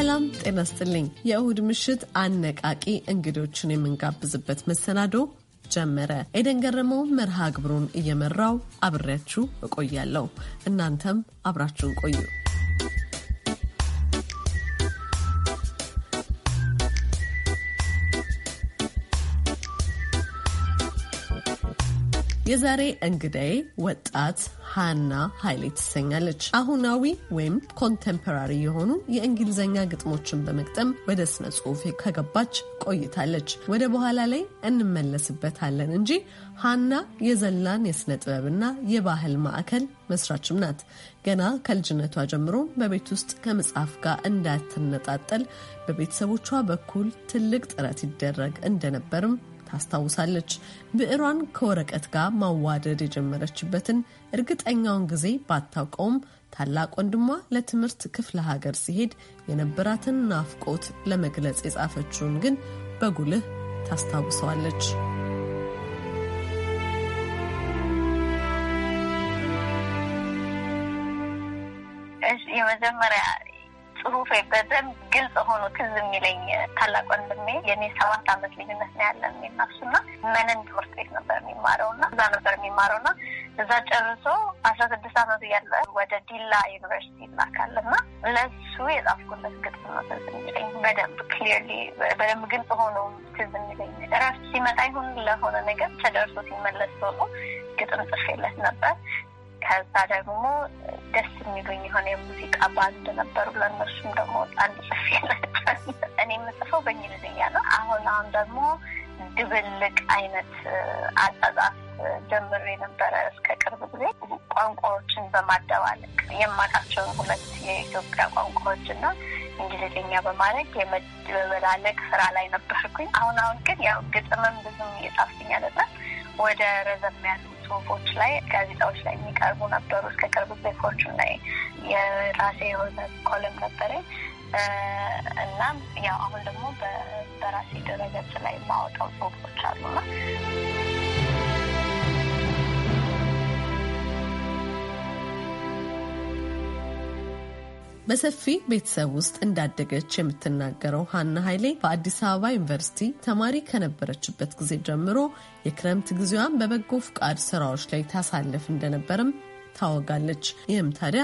ሰላም ጤና ስጥልኝ። የእሁድ ምሽት አነቃቂ እንግዶችን የምንጋብዝበት መሰናዶ ጀመረ። ኤደን ገረመው መርሃ ግብሩን እየመራው አብሬያችሁ እቆያለሁ። እናንተም አብራችሁን ቆዩ። የዛሬ እንግዳዬ ወጣት ሃና ኃይሌ ትሰኛለች። አሁናዊ ወይም ኮንቴምፖራሪ የሆኑ የእንግሊዝኛ ግጥሞችን በመግጠም ወደ ስነ ጽሁፍ ከገባች ቆይታለች። ወደ በኋላ ላይ እንመለስበታለን እንጂ ሃና የዘላን የስነ ጥበብና የባህል ማዕከል መስራችም ናት። ገና ከልጅነቷ ጀምሮ በቤት ውስጥ ከመጽሐፍ ጋር እንዳትነጣጠል በቤተሰቦቿ በኩል ትልቅ ጥረት ይደረግ እንደነበርም ታስታውሳለች። ብዕሯን ከወረቀት ጋር ማዋደድ የጀመረችበትን እርግጠኛውን ጊዜ ባታውቀውም ታላቅ ወንድሟ ለትምህርት ክፍለ ሀገር ሲሄድ የነበራትን ናፍቆት ለመግለጽ የጻፈችውን ግን በጉልህ ታስታውሰዋለች። የመጀመሪያ ጽሁፌ በደንብ ግልጽ ሆኖ ትዝ የሚለኝ ታላቅ ወንድሜ የኔ ሰባት አመት ልዩነት ነው ያለን እኔና እሱና መነን ትምህርት ቤት ነበር የሚማረው ና እዛ ነበር የሚማረው ና እዛ ጨርሶ አስራ ስድስት አመቱ ያለ ወደ ዲላ ዩኒቨርሲቲ ይላካል ና ለሱ የጻፍኩለት ግጥም ነው ትዝ የሚለኝ በደንብ ክሊርሊ በደንብ ግልጽ ሆኖ ትዝ የሚለኝ እረፍት ሲመጣ ይሁን ለሆነ ነገር ተደርሶ ሲመለስ ቶሎ ግጥም ጽፌለት ነበር። ከዛ ደግሞ ደስ የሚሉኝ የሆነ የሙዚቃ ባንድ ነበሩ። ለእነሱም ደግሞ አንድ ጽፌ እኔ የምጽፈው በእንግሊዝኛ ነው። አሁን አሁን ደግሞ ድብልቅ አይነት አጻጻፍ ጀምሬ ነበረ እስከ ቅርብ ጊዜ ቋንቋዎችን በማደባለቅ የማውቃቸውን ሁለት የኢትዮጵያ ቋንቋዎች እና እንግሊዝኛ በማድረግ የመደበላለቅ ስራ ላይ ነበርኩኝ። አሁን አሁን ግን ያው ግጥምም ብዙም እየጻፍኩኝ አይደለም። ወደ ረዘም ያሉ ጽሁፎች ላይ፣ ጋዜጣዎች ላይ የሚቀርቡ ነበሩ። እስከ ቅርብ ፎርቹን ላይ የራሴ የሆነ ኮለም እና ያው አሁን ደግሞ በራሴ ድረገጽ ላይ የማወጣው ጽሁፎች አሉና በሰፊ ቤተሰብ ውስጥ እንዳደገች የምትናገረው ሀና ኃይሌ በአዲስ አበባ ዩኒቨርሲቲ ተማሪ ከነበረችበት ጊዜ ጀምሮ የክረምት ጊዜዋን በበጎ ፍቃድ ስራዎች ላይ ታሳልፍ እንደነበርም ታወጋለች። ይህም ታዲያ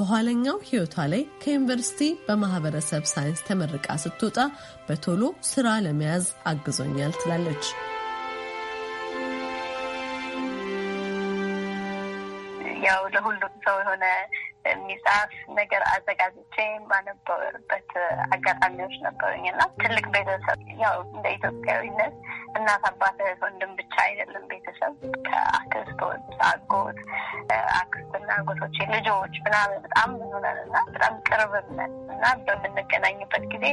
በኋለኛው ህይወቷ ላይ ከዩኒቨርሲቲ በማህበረሰብ ሳይንስ ተመርቃ ስትወጣ በቶሎ ስራ ለመያዝ አግዞኛል ትላለች። ያው ለሁሉም ሰው የሆነ የሚጻፍ ነገር አዘጋጅቼ ባነበበት አጋጣሚዎች ነበሩኝ እና ትልቅ ቤተሰብ ያው እንደ ኢትዮጵያዊነት እናት፣ አባት፣ እህት፣ ወንድም ብቻ አይደለም ቤተሰብ ከአክስቶች፣ አጎት፣ አክስትና አጎቶች፣ ልጆች ምናምን በጣም ብዙ ነን እና በጣም ቅርብ እና በምንገናኝበት ጊዜ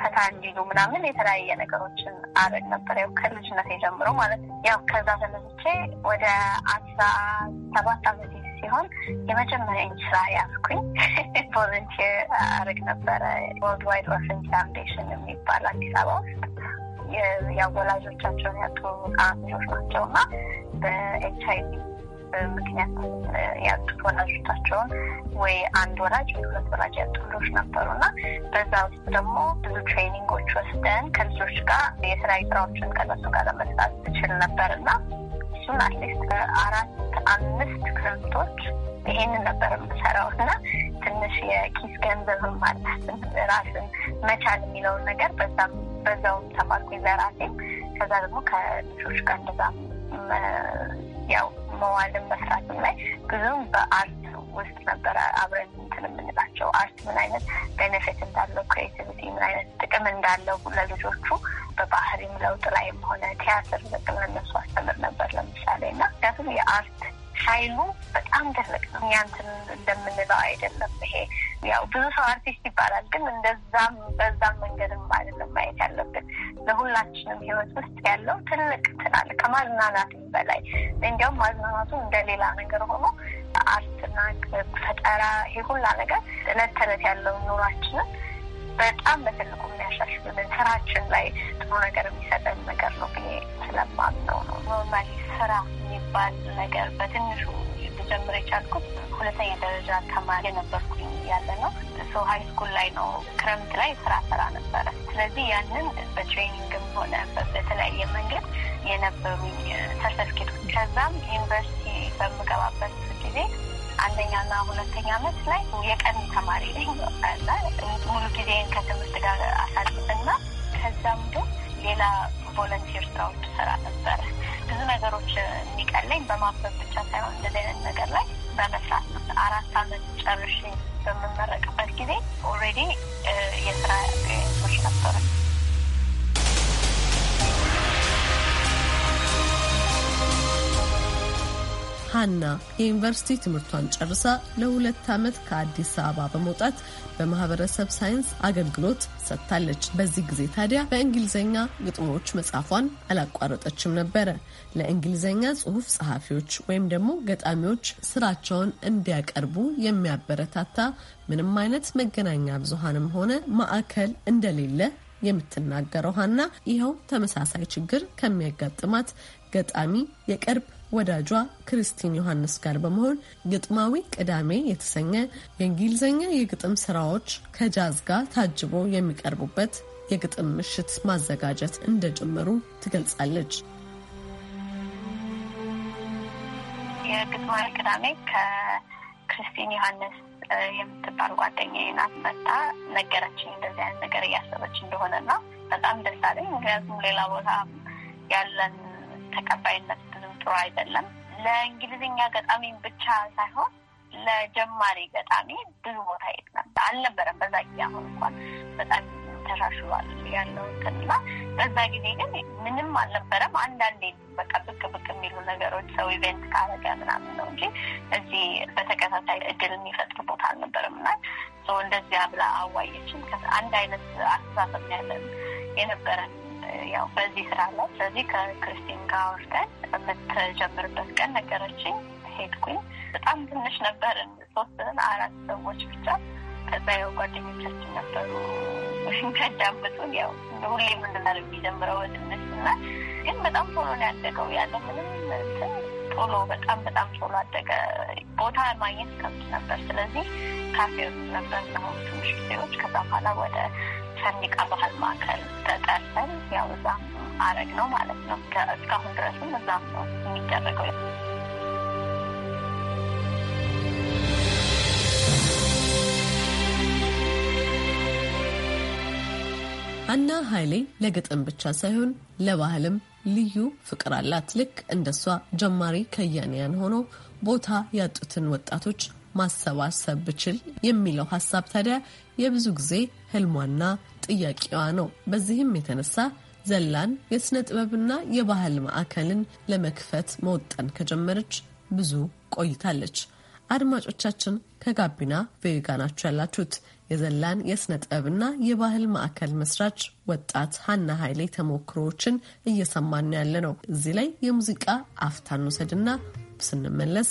ፈታ እንዲሉ ምናምን የተለያየ ነገሮችን አረግ ነበር ያው ከልጅነት የጀምሮ ማለት ነው። ያው ከዛ ተነስቼ ወደ አስራ ሰባት አመት ሲሆን የመጀመሪያ እንስራ ስራ ቮለንቲር አረግ ነበረ ወርልድ ዋይድ ኦርፍን ፋንዴሽን የሚባል አዲስ አበባ ውስጥ የወላጆቻቸውን ያጡ ህጻናት ናቸው እና በኤች አይ ቪ ምክንያት ያጡት ወላጆቻቸውን ወይ አንድ ወላጅ ወይ ሁለት ወላጅ ያጡ ልጆች ነበሩ እና በዛ ውስጥ ደግሞ ብዙ ትሬኒንጎች ወስደን ከልጆች ጋር የተለያዩ ስራዎችን ከነሱ ጋር ለመስራት ትችል ነበር እና እሱን አትሊስት ከአራት አምስት ክረምቶች ይሄንን ነበር የምሰራው እና ትንሽ የኪስ ገንዘብም አለ ራስን መቻል የሚለውን ነገር በዛም በዛውም ተማርኩ ለራሴም። ከዛ ደግሞ ከልጆች ጋር እንደዛ ያው መዋልን መስራትም ላይ ብዙም በአርት ውስጥ ነበረ አብረን እንትን የምንላቸው አርት ምን አይነት ቤኔፊት እንዳለው፣ ክሬቲቪቲ ምን አይነት ጥቅም እንዳለው ለልጆቹ በባህሪም ለውጥ ላይም ሆነ ቲያትር በቅም እነሱ አስተምር ነበር ለምሳሌ እና ምክንያቱም የአርት ኃይሉ በጣም ትልቅ ነው። እኛንትን እንደምንለው አይደለም። ይሄ ያው ብዙ ሰው አርቲስት ይባላል፣ ግን እንደዛም በዛም መንገድም አይደለም ማየት ያለብን። ለሁላችንም ህይወት ውስጥ ያለው ትልቅ ትላል ከማዝናናትም በላይ እንዲያውም ማዝናናቱ እንደ ሌላ ነገር ሆኖ አርትና ፈጠራ ይሄ ሁላ ነገር እለት ተዕለት ያለው ኑሯችንን በጣም በትልቁ የሚያሻሽልን ስራችን ላይ ጥሩ ነገር የሚሰጠን ነገር ነው ብዬ ስለማምነው ነው። ኖርማሊ ስራ የሚባል ነገር በትንሹ ልጀምር የቻልኩት ሁለተኛ ደረጃ ተማሪ የነበርኩኝ እያለ ነው። ሰው ሀይ ስኩል ላይ ነው ክረምት ላይ ስራ ስራ ነበረ። ስለዚህ ያንን በትሬኒንግም ሆነ በተለያየ መንገድ የነበሩኝ ሰርተፍኬቶች ከዛም ዩኒቨርሲቲ በምገባበት ጊዜ አንደኛና ሁለተኛ ዓመት ላይ የቀን ተማሪ ነኝ ሙሉ ጊዜን ከትምህርት ጋር አሳልፍና ከዛም ግን ሌላ ቮለንቲር ስራዎች ሰራ ነበረ። ብዙ ነገሮች የሚቀለኝ በማበብ ብቻ ሳይሆን እንደዚህ አይነት ነገር ላይ በመስራት ነው። አራት አመት ጨርሼ በምመረቅበት ጊዜ ኦልሬዲ የስራ ቶች ነበረ ሀና የዩኒቨርሲቲ ትምህርቷን ጨርሳ ለሁለት ዓመት ከአዲስ አበባ በመውጣት በማህበረሰብ ሳይንስ አገልግሎት ሰጥታለች። በዚህ ጊዜ ታዲያ በእንግሊዝኛ ግጥሞች መጻፏን አላቋረጠችም ነበረ። ለእንግሊዝኛ ጽሁፍ ጸሐፊዎች ወይም ደግሞ ገጣሚዎች ስራቸውን እንዲያቀርቡ የሚያበረታታ ምንም አይነት መገናኛ ብዙሀንም ሆነ ማዕከል እንደሌለ የምትናገረው ሀና ይኸው ተመሳሳይ ችግር ከሚያጋጥማት ገጣሚ የቅርብ ወዳጇ ክርስቲን ዮሐንስ ጋር በመሆን ግጥማዊ ቅዳሜ የተሰኘ የእንግሊዝኛ የግጥም ስራዎች ከጃዝ ጋር ታጅቦ የሚቀርቡበት የግጥም ምሽት ማዘጋጀት እንደጀመሩ ትገልጻለች። የግጥማዊ ቅዳሜ ከክርስቲን ዮሐንስ የምትባል ጓደኛዬ ናት። መታ ነገረችኝ እንደዚህ አይነት ነገር እያሰበች እንደሆነና በጣም ደስ አለኝ። ምክንያቱም ሌላ ቦታ ያለን ተቀባይነት ጥሩ አይደለም። ለእንግሊዝኛ ገጣሚ ብቻ ሳይሆን ለጀማሪ ገጣሚ ብዙ ቦታ የለም አልነበረም። በዛ ጊዜ አሁን እንኳን በጣም ተሻሽሏል ያለው እንትና በዛ ጊዜ ግን ምንም አልነበረም። አንዳንዴ በቃ ብቅ ብቅ የሚሉ ነገሮች ሰው ኢቨንት ካረገ ምናምን ነው እንጂ እዚህ በተከታታይ እድል የሚፈጥር ቦታ አልነበረም እና ሰው እንደዚያ ብላ አዋየችን። አንድ አይነት አስተሳሰብ ያለን የነበረን ያው በዚህ ስራ ላይ ስለዚህ ከክርስቲን ጋር ወርደን የምትጀምርበት ቀን ነገረችኝ። ሄድኩኝ። በጣም ትንሽ ነበር፣ ሶስትን አራት ሰዎች ብቻ። ከዛ ያው ጓደኞቻችን ነበሩ ሲያዳምጡን፣ ያው ሁሌ የምንለው የሚጀምረው ትንሽ እና ግን በጣም ቶሎ ነው ያደገው ያለ ምንም ቶሎ በጣም በጣም ቶሎ አደገ። ቦታ ማግኘት ከብት ነበር። ስለዚህ ካፌ ውስጥ ነበር ነው ትንሽ ጊዜዎች። ከዛ በኋላ ወደ ሰንቃ ባህል ማዕከል ተጠርተን ያው እዛም አረግ ነው ማለት ነው። እስካሁን ድረስም እዛም ነው የሚደረገው። አና ኃይሌ ለግጥም ብቻ ሳይሆን ለባህልም ልዩ ፍቅር አላት። ልክ እንደሷ ጀማሪ ከያንያን ሆኖ ቦታ ያጡትን ወጣቶች ማሰባሰብ ብችል የሚለው ሀሳብ ታዲያ የብዙ ጊዜ ህልሟና ጥያቄዋ ነው። በዚህም የተነሳ ዘላን የሥነ ጥበብና የባህል ማዕከልን ለመክፈት መወጠን ከጀመረች ብዙ ቆይታለች። አድማጮቻችን ከጋቢና ቬጋ ናችሁ ያላችሁት። የዘላን የሥነ ጥበብና የባህል ማዕከል መስራች ወጣት ሀና ኃይሌ ተሞክሮዎችን እየሰማን ያለ ነው። እዚህ ላይ የሙዚቃ አፍታን ውሰድና ስንመለስ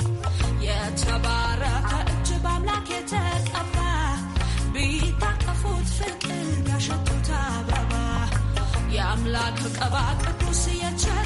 tabacco, se acciaio.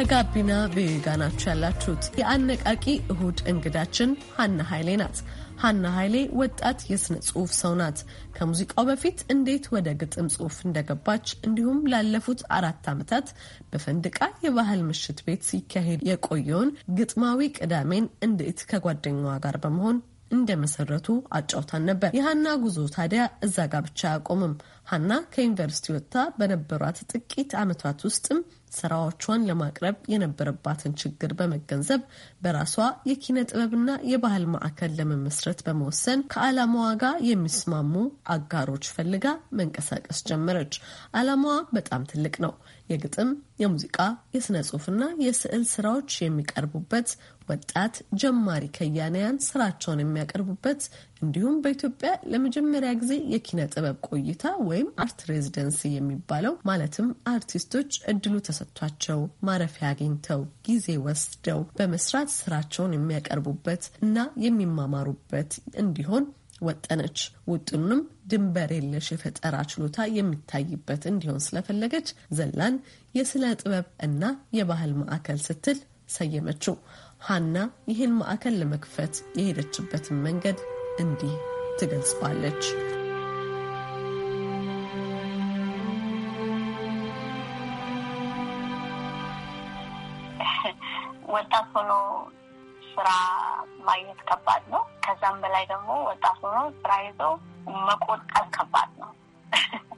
ከጋቢና ቪኦኤ ናችሁ ያላችሁት። የአነቃቂ እሁድ እንግዳችን ሀና ኃይሌ ናት። ሀና ኃይሌ ወጣት የስነ ጽሁፍ ሰው ናት። ከሙዚቃው በፊት እንዴት ወደ ግጥም ጽሁፍ እንደገባች እንዲሁም ላለፉት አራት ዓመታት በፈንድቃ የባህል ምሽት ቤት ሲካሄድ የቆየውን ግጥማዊ ቅዳሜን እንዴት ከጓደኛዋ ጋር በመሆን እንደመሰረቱ አጫውታን ነበር። የሀና ጉዞ ታዲያ እዛ ጋር ብቻ አያቆምም። ሀና ከዩኒቨርሲቲ ወጥታ በነበሯት ጥቂት ዓመታት ውስጥም ስራዎቿን ለማቅረብ የነበረባትን ችግር በመገንዘብ በራሷ የኪነ ጥበብና የባህል ማዕከል ለመመስረት በመወሰን ከዓላማዋ ጋር የሚስማሙ አጋሮች ፈልጋ መንቀሳቀስ ጀመረች። ዓላማዋ በጣም ትልቅ ነው። የግጥም፣ የሙዚቃ፣ የስነ ጽሁፍና የስዕል ስራዎች የሚቀርቡበት ወጣት ጀማሪ ከያንያን ስራቸውን የሚያቀርቡበት እንዲሁም በኢትዮጵያ ለመጀመሪያ ጊዜ የኪነ ጥበብ ቆይታ ወይም አርት ሬዚደንሲ የሚባለው ማለትም አርቲስቶች እድሉ ተሰጥቷቸው ማረፊያ አግኝተው ጊዜ ወስደው በመስራት ስራቸውን የሚያቀርቡበት እና የሚማማሩበት እንዲሆን ወጠነች። ውጥኑንም ድንበር የለሽ የፈጠራ ችሎታ የሚታይበት እንዲሆን ስለፈለገች ዘላን የስነ ጥበብ እና የባህል ማዕከል ስትል ሰየመችው። ሀና ይህን ማዕከል ለመክፈት የሄደችበትን መንገድ እንዲህ ትገልጸዋለች። ወጣት ሆኖ ስራ ማግኘት ከባድ ነው። ከዛም በላይ ደግሞ ወጣት ሆኖ ስራ ይዞ መቆጠብ ከባድ ነው።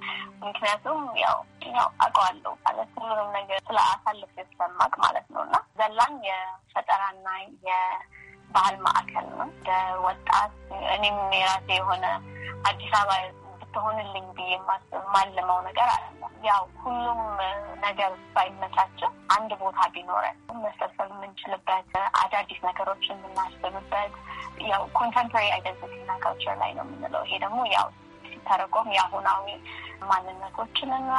ምክንያቱም ያው ያው አውቀዋለሁ ማለት ሁሉንም ነገር ስለ አሳልፍ የተሰማቅ ማለት ነው እና ዘላን የፈጠራና የባህል ማዕከል ነው። ወጣት እኔም የራሴ የሆነ አዲስ አበባ ብትሆንልኝ ብዬ ማለመው ነገር አለ ያው ሁሉም ነገር ባይመቻቸው አንድ ቦታ ቢኖረን መሰብሰብ የምንችልበት አዳዲስ ነገሮች የምናስብበት ያው ኮንተምፖሪ አይደንቲቲ እና ካልቸር ላይ ነው የምንለው። ይሄ ደግሞ ያው ሲተረጎም የአሁናዊ ማንነቶችንና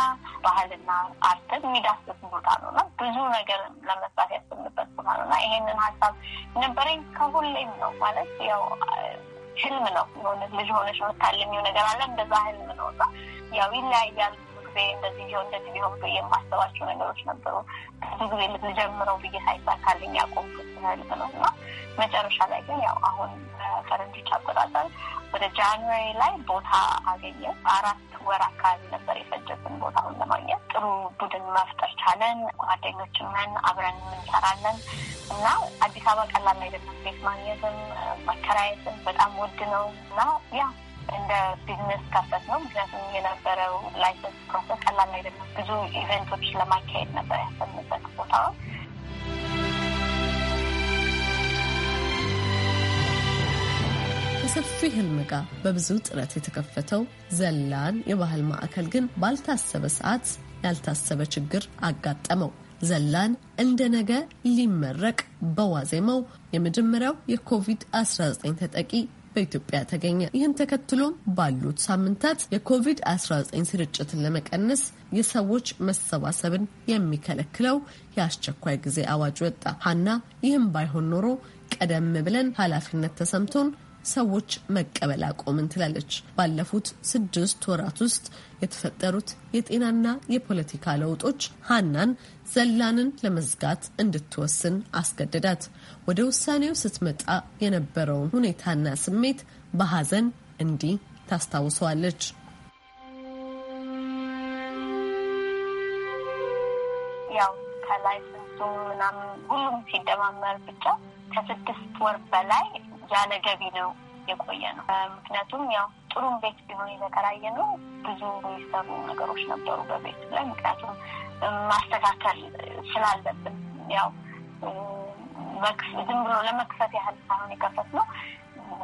ባህልና አርትን የሚዳስስ ቦታ ነው እና ብዙ ነገር ለመስራት ያስብንበት ቦታ ነው እና ይሄንን ሀሳብ ነበረኝ ከሁሌም ነው ማለት ያው ህልም ነው የሆነ ልጅ ሆነች የምታልሚው ነገር አለ እንደዛ ህልም ነው እና ያው ይለያያል ጊዜ እንደዚህ ቢሆን እንደዚህ ቢሆን ብዬ የማስባቸው ነገሮች ነበሩ። ብዙ ጊዜ ልጀምረው ብዬ ሳይሳካልኝ ያቆምኩት ህልም ነው እና መጨረሻ ላይ ግን ያው አሁን ፈረንጆች አቆጣጠር ወደ ጃንዋሪ ላይ ቦታ አገኘ። አራት ወር አካባቢ ነበር የፈጀብን ቦታውን ለማግኘት። ጥሩ ቡድን መፍጠር ቻለን። ጓደኞችም ነን፣ አብረን እንሰራለን እና አዲስ አበባ ቀላል አይደለም። ቤት ማግኘትም መከራየትም በጣም ውድ ነው እና ያ እንደ ቢዝነስ ከፈት ነው። ምክንያቱም የነበረው ላይሰንስ ፕሮሰስ ቀላል አይደለም። ብዙ ኢቨንቶች ለማካሄድ ነበር ያሰብንበት ቦታ ሰፊ ህልም ጋር በብዙ ጥረት የተከፈተው ዘላን የባህል ማዕከል ግን ባልታሰበ ሰዓት ያልታሰበ ችግር አጋጠመው። ዘላን እንደ ነገ ሊመረቅ በዋዜማው የመጀመሪያው የኮቪድ-19 ተጠቂ በኢትዮጵያ ተገኘ። ይህን ተከትሎም ባሉት ሳምንታት የኮቪድ-19 ስርጭትን ለመቀነስ የሰዎች መሰባሰብን የሚከለክለው የአስቸኳይ ጊዜ አዋጅ ወጣ። ሀና ይህም ባይሆን ኖሮ ቀደም ብለን ኃላፊነት ተሰምቶን ሰዎች መቀበል አቆምን ትላለች። ባለፉት ስድስት ወራት ውስጥ የተፈጠሩት የጤናና የፖለቲካ ለውጦች ሀናን ዘላንን ለመዝጋት እንድትወስን አስገደዳት። ወደ ውሳኔው ስትመጣ የነበረውን ሁኔታና ስሜት በሀዘን እንዲህ ታስታውሰዋለች። ያው ከላይ ምናምን ሁሉም ሲደማመር ብቻ ከስድስት ወር በላይ ያለ ገቢ ነው የቆየ ነው። ምክንያቱም ያው ጥሩም ቤት ቢሆን የተከራየ ነው ብዙ የሚሰሩ ነገሮች ነበሩ በቤት ላይ ምክንያቱም ማስተካከል ስላለብን ያው ዝም ብሎ ለመክፈት ያህል ሳይሆን ነው።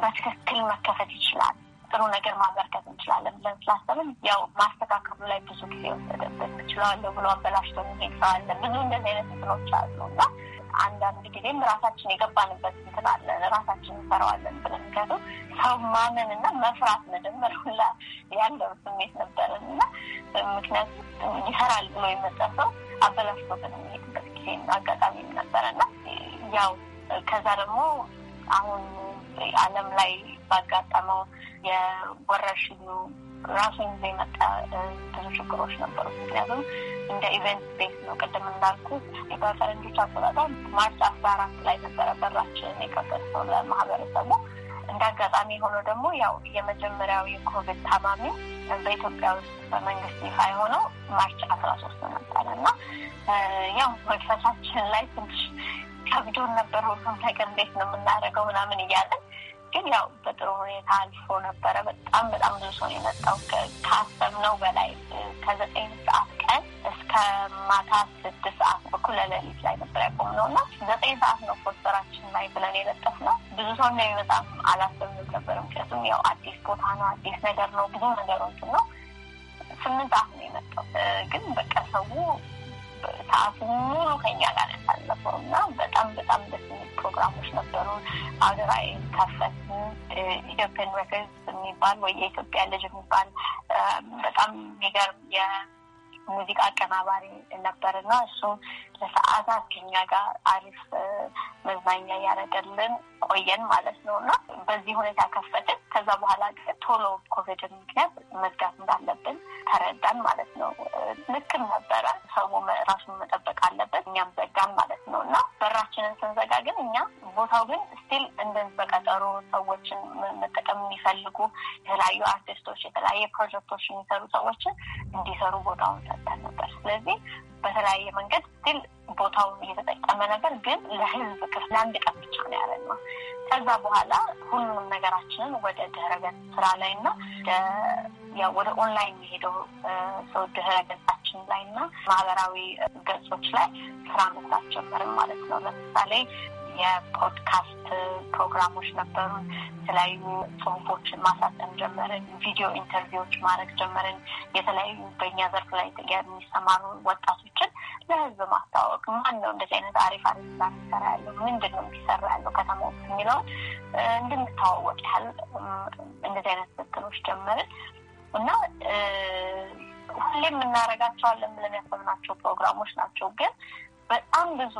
በትክክል መከፈት ይችላል፣ ጥሩ ነገር ማበርከት እንችላለን ብለን ስላሰብን ያው ማስተካከሉ ላይ ብዙ ጊዜ ወሰደበት። ችለዋለሁ ብሎ አበላሽቶ የሚሄድ ሰው አለ። ብዙ እንደዚህ አይነት እንትኖች አሉ እና አንዳንድ ጊዜም ራሳችን የገባንበት አለን ራሳችን እንሰራዋለን ብለን ምክንያቱም ሰው ማመን እና መፍራት መጀመር ሁላ ያለው ስሜት ነበረን እና ምክንያቱም ይሰራል ብሎ የመጣ ሰው አበላሽቶ የሚሄድበት ጊዜ አጋጣሚ እና ያው ከዛ ደግሞ አሁን ዓለም ላይ ባጋጠመው የወረርሽኙ ራሱን ይዞ የመጣ ብዙ ችግሮች ነበሩ። ምክንያቱም እንደ ኢቨንት ቤት ነው። ቅድም እንዳልኩ በፈረንጆች አቆጣጠር ማርች አስራ አራት ላይ ነበረ በራችን የከፈትነው ለማህበረሰቡ። እንደ አጋጣሚ የሆነው ደግሞ ያው የመጀመሪያው የኮቪድ ታማሚ በኢትዮጵያ ውስጥ በመንግስት ይፋ የሆነው ማርች አስራ ሶስት ነበረ እና ያው መንፈሳችን ላይ ትንሽ ከብዶን ነበር። ሁሉም ነገር እንዴት ነው የምናደርገው ምናምን እያለን ግን ያው በጥሩ ሁኔታ አልፎ ነበረ። በጣም በጣም ብዙ ሰው የመጣው ካሰብነው በላይ ከዘጠኝ ሰዓት ቀን እስከ ማታ ስድስት ሰዓት እኩለ ሌሊት ላይ ነበር ያቆምነው እና ዘጠኝ ሰዓት ነው ፖስተራችን ላይ ብለን የለጠፍነው። ብዙ ሰው እንደሚመጣም አላሰብንም ነበር። ምክንያቱም ያው አዲስ ቦታ ነው፣ አዲስ ነገር ነው፣ ብዙ ነገሮች ነው። ስምንት ሰዓት ነው የመጣው ግን በቃ ሰው ሰዓቱ ሙሉ ከኛ ጋር ያሳለፈው እና በጣም በጣም ደስ የሚል ፕሮግራሞች ነበሩ። አገራዊ ካፈትን ኢትዮጵያን ሬከርድ የሚባል ወይ የኢትዮጵያ ልጅ የሚባል በጣም የሚገርም የሙዚቃ አቀናባሪ ነበር እና እሱ ለሰዓታት ከኛ ጋር አሪፍ መዝናኛ እያደረገልን ቆየን ማለት ነው እና በዚህ ሁኔታ ከፈትን። ከዛ በኋላ ቶሎ ኮቪድን ምክንያት መዝጋት እንዳለብን ተረዳን ማለት ነው። ልክም ነበረ። ሰው ራሱን መጠበቅ አለበት። እኛም ዘጋን ማለት ነው እና በራችንን ስንዘጋ ግን እኛ ቦታው ግን ስቲል እንደዚህ በቀጠሮ ሰዎችን መጠቀም የሚፈልጉ የተለያዩ አርቲስቶች፣ የተለያየ ፕሮጀክቶች የሚሰሩ ሰዎችን እንዲሰሩ ቦታውን ሰጠን ነበር። ስለዚህ በተለያየ መንገድ ስቲል ቦታው እየተጠቀመ ነገር ግን ለህዝብ ክፍ ለአንድ ቀን ብቻ ነው ያለ ነው። ከዛ በኋላ ሁሉንም ነገራችንን ወደ ገጽ ስራ ላይ እና ወደ ኦንላይን የሄደው ሰው ገጻችን ላይ እና ማህበራዊ ገጾች ላይ ስራ መስራት ጀመርን ማለት ነው። ለምሳሌ የፖድካስት ፕሮግራሞች ነበሩን። የተለያዩ ጽሁፎችን ማሳተም ጀመርን። ቪዲዮ ኢንተርቪዎች ማድረግ ጀመርን። የተለያዩ በእኛ ዘርፍ ላይ የሚሰማሩ ወጣቶችን ለህዝብ ማስታወቅ ማን ነው እንደዚህ አይነት አሪፍ አሪፍ ስራ የሚሰራ ያለው ምንድን ነው የሚሰራ ያለው ከተማ ውስጥ የሚለውን እንድንታዋወቅ ያህል እንደዚህ አይነት ስትሎች ጀመርን እና ሁሌም የምናደርጋቸዋለን ብለን ያሰብናቸው ፕሮግራሞች ናቸው ግን በጣም ብዙ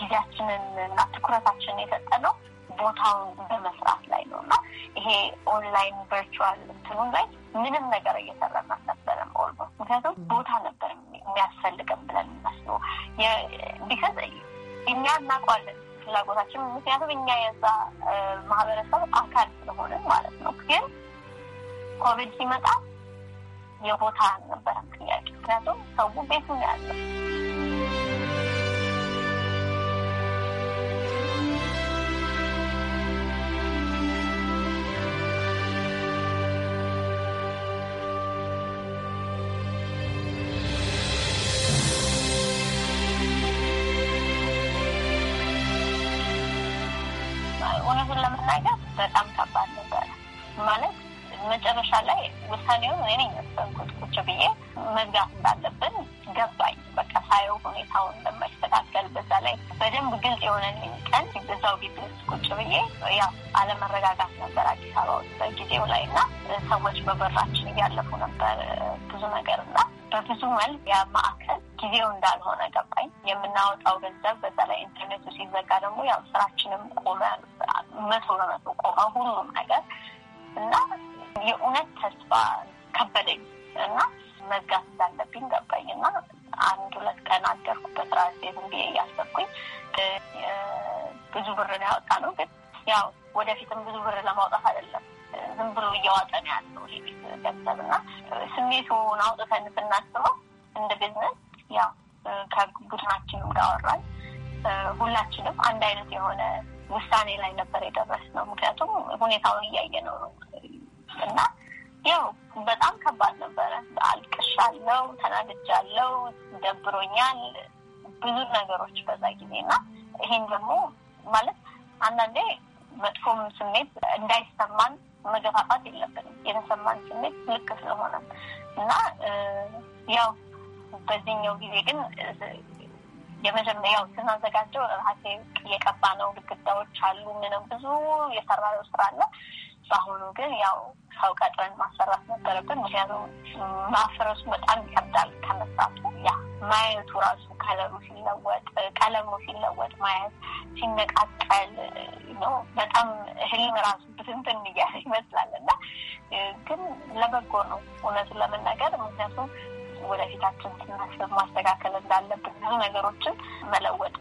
ጊዜያችንን እና ትኩረታችንን የሰጠነው ቦታውን በመስራት ላይ ነው እና ይሄ ኦንላይን ቨርቹዋል እንትኑን ላይ ምንም ነገር እየሰራን አልነበረም። ኦልሞስት ምክንያቱም ቦታ ነበር የሚያስፈልገን ብለን የሚመስለው ቢከዝ እኛ እናውቀዋለን ፍላጎታችን ምክንያቱም እኛ የዛ ማህበረሰብ አካል ስለሆነ ማለት ነው። ግን ኮቪድ ሲመጣ የቦታ አልነበረም ጥያቄ፣ ምክንያቱም ሰው ቤቱ ነው ያለው። ነገር እና በፍጹም ያ ማዕከል ጊዜው እንዳልሆነ ገባኝ። የምናወጣው ገንዘብ በተለይ ኢንተርኔቱ ሲዘጋ ደግሞ ያው ስራችንም ቆመ፣ መቶ በመቶ ቆመ ሁሉም ነገር እና የእውነት ተስፋ ከበደኝ እና መዝጋት እንዳለብኝ ገባኝ እና አንድ ሁለት ቀን አደርኩበት ራሴ ዝም ብዬ እያሰብኩኝ ብዙ ብር ያወጣ ነው ግን ያው ወደፊትም ብዙ ብር ለማውጣት አይደለም ዝም ብሎ እያዋጠ ነው ያለው የቤት ገንዘብ እና ስሜቱን አውጥተን ብናስበው እንደ ቢዝነስ ያው ከቡድናችንም ጋር አወራን። ሁላችንም አንድ አይነት የሆነ ውሳኔ ላይ ነበር የደረስነው። ምክንያቱም ሁኔታውን እያየ ነው እና ያው በጣም ከባድ ነበረ። አልቅሻለው፣ አለው ደብሮኛል፣ ብዙ ነገሮች በዛ ጊዜ እና ይሄን ደግሞ ማለት አንዳንዴ መጥፎም ስሜት እንዳይሰማን መገፋፋት የለብንም። የተሰማን ስሜት ልክ ስለሆነ እና ያው በዚህኛው ጊዜ ግን የመጀመሪያው ስናዘጋጀው ራሴ እየቀባ ነው። ግድግዳዎች አሉ፣ ምንም ብዙ የሰራነው ስራ አለ። በአሁኑ ግን ያው ሰው ቀጥረን ማሰራት ነበረብን። ምክንያቱም ማፍረሱ በጣም ይከብዳል ከመስራቱ ያ ማየቱ ራሱ ቀለሙ ሲለወጥ ቀለሙ ሲለወጥ ማየት ሲነቃቀል ነው። በጣም ህልም ራሱ ብትንትን እያለ ይመስላል እና ግን ለበጎ ነው እውነቱን ለመናገር ምክንያቱም ወደፊታችን ስናስብ ማስተካከል እንዳለብን ብዙ ነገሮችን መለወጥ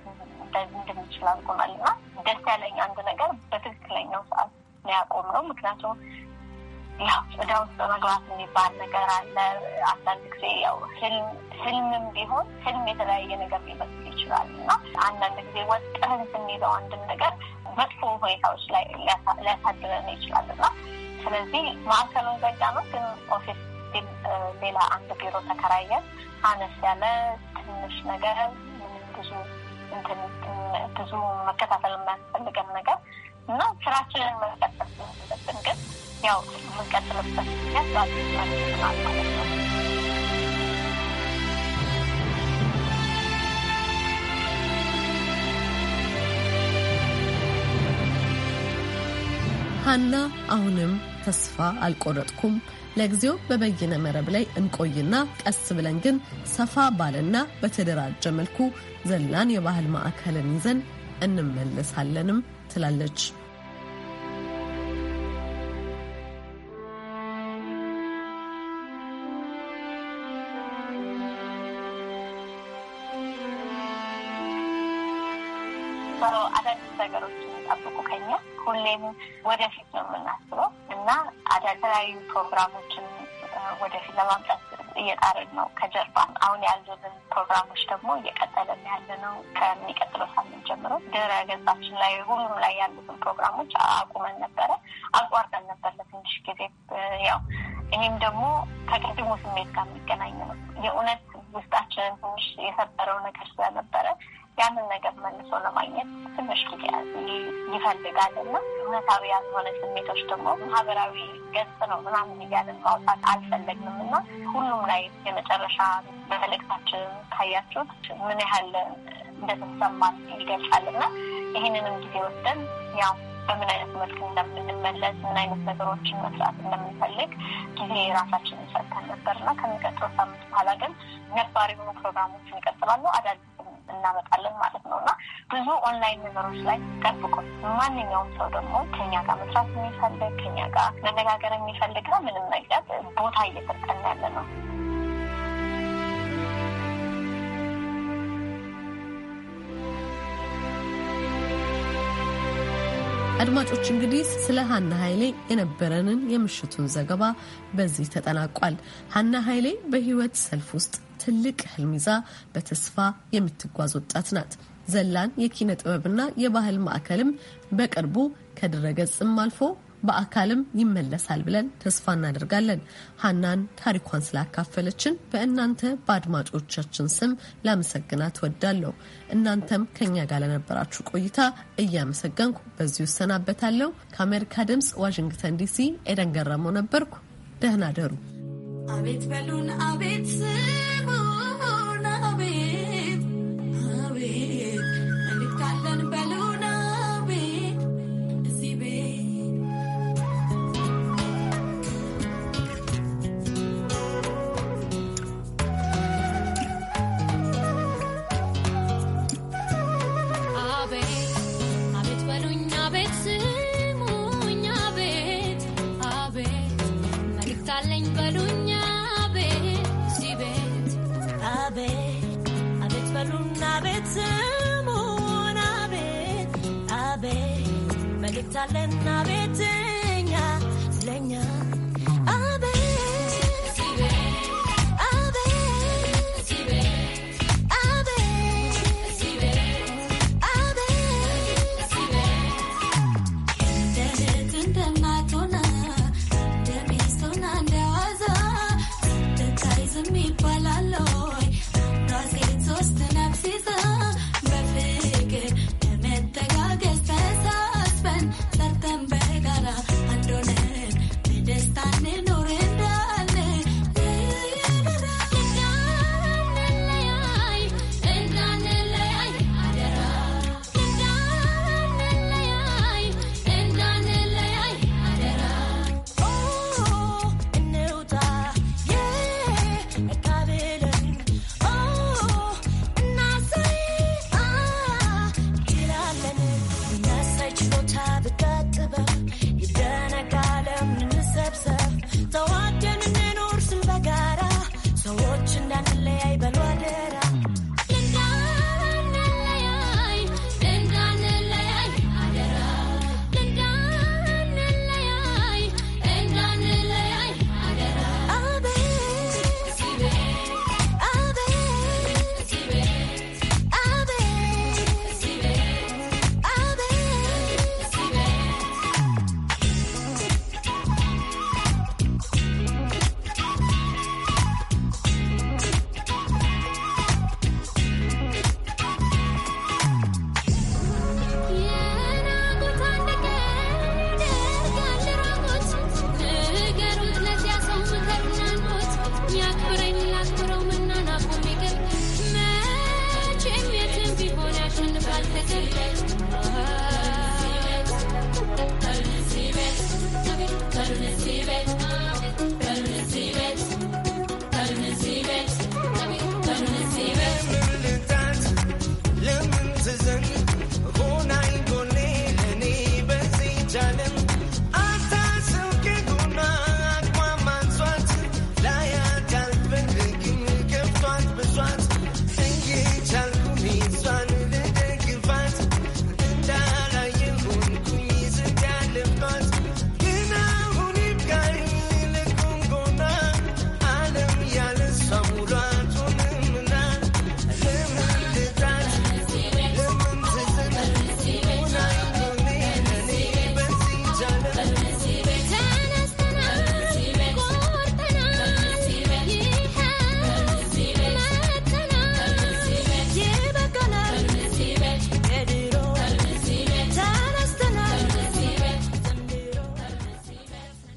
እንድንችል አድርጎናል እና ደስ ያለኝ አንድ ነገር በትክክለኛው ሰዓት ነው ያቆምነው ምክንያቱም ያው ወደ ውስጥ መግባት የሚባል ነገር አለ። አንዳንድ ጊዜ ያው ህልምም ቢሆን ህልም የተለያየ ነገር ሊመስል ይችላል እና አንዳንድ ጊዜ ወጥህን ስንይዘው አንድን ነገር መጥፎ ሁኔታዎች ላይ ሊያሳድረን ይችላል እና ስለዚህ ማዕከሉን ገዳ ነው ግን ኦፊስ ሌላ አንድ ቢሮ ተከራየን። አነስ ያለ ትንሽ ነገር ብዙ ብዙ መከታተል የሚያስፈልገን ነገር እና ስራችንን መቀጠል ግን ያው የምንቀጥልበት ምክንያት ማለት ነው። ሀና አሁንም ተስፋ አልቆረጥኩም። ለጊዜው በበይነ መረብ ላይ እንቆይና ቀስ ብለን ግን ሰፋ ባለና በተደራጀ መልኩ ዘላን የባህል ማዕከልን ይዘን እንመለሳለንም ትላለች። የሚጀምረው አዳዲስ ነገሮች የሚጠብቁ ከኛ ሁሌም ወደፊት ነው የምናስበው እና የተለያዩ ፕሮግራሞችን ወደፊት ለማምጣት እየጣርን ነው ከጀርባ። አሁን ያሉንን ፕሮግራሞች ደግሞ እየቀጠለን ያለ ነው። ከሚቀጥለው ሳምንት ጀምሮ ድረ ገጻችን ላይ ሁሉም ላይ ያሉትን ፕሮግራሞች አቁመን ነበረ፣ አቋርጠን ነበር ለትንሽ ጊዜ። ያው ይህም ደግሞ ከቅድሙ ስሜት ጋር የሚገናኝ ነው። የእውነት ውስጣችንን ትንሽ የሰበረው ነገር ስለነበረ ያንን ነገር መልሶ ለማግኘት ትንሽ ጊዜ ይፈልጋል እና እውነታዊ ያልሆነ ስሜቶች ደግሞ ማህበራዊ ገጽ ነው ምናምን እያለን ማውጣት አልፈለግንም እና ሁሉም ላይ የመጨረሻ በመልእክታችን ካያችሁት ምን ያህል እንደተሰማ ይገልጻል እና ይህንንም ጊዜ ወስደን ያው በምን አይነት መልክ እንደምንመለስ ምን አይነት ነገሮችን መስራት እንደምንፈልግ ጊዜ ራሳችን ሰጥተን ነበር እና ከሚቀጥለው ሳምንት በኋላ ግን ነባሪ የሆኑ ፕሮግራሞች ይቀጥላሉ። አዳል እናመጣለን ማለት ነው እና ብዙ ኦንላይን ነገሮች ላይ ጠብቁ። ማንኛውም ሰው ደግሞ ከኛ ጋር መስራት የሚፈልግ ከኛ ጋር መነጋገር የሚፈልግ ምንም ነገር ቦታ እየሰጠን ያለ ነው። አድማጮች እንግዲህ ስለ ሀና ኃይሌ የነበረንን የምሽቱን ዘገባ በዚህ ተጠናቋል። ሀና ኃይሌ በሕይወት ሰልፍ ውስጥ ትልቅ ህልም ይዛ በተስፋ የምትጓዝ ወጣት ናት። ዘላን የኪነ ጥበብና የባህል ማዕከልም በቅርቡ ከድረገጽም አልፎ በአካልም ይመለሳል ብለን ተስፋ እናደርጋለን። ሀናን ታሪኳን ስላካፈለችን በእናንተ በአድማጮቻችን ስም ላመሰግናት ትወዳለሁ እናንተም ከኛ ጋር ለነበራችሁ ቆይታ እያመሰገንኩ በዚሁ እሰናበታለሁ። ከአሜሪካ ድምፅ ዋሽንግተን ዲሲ ኤደን ገረመው ነበርኩ። ደህና ደሩ። አቤት በሉን አቤት Oh.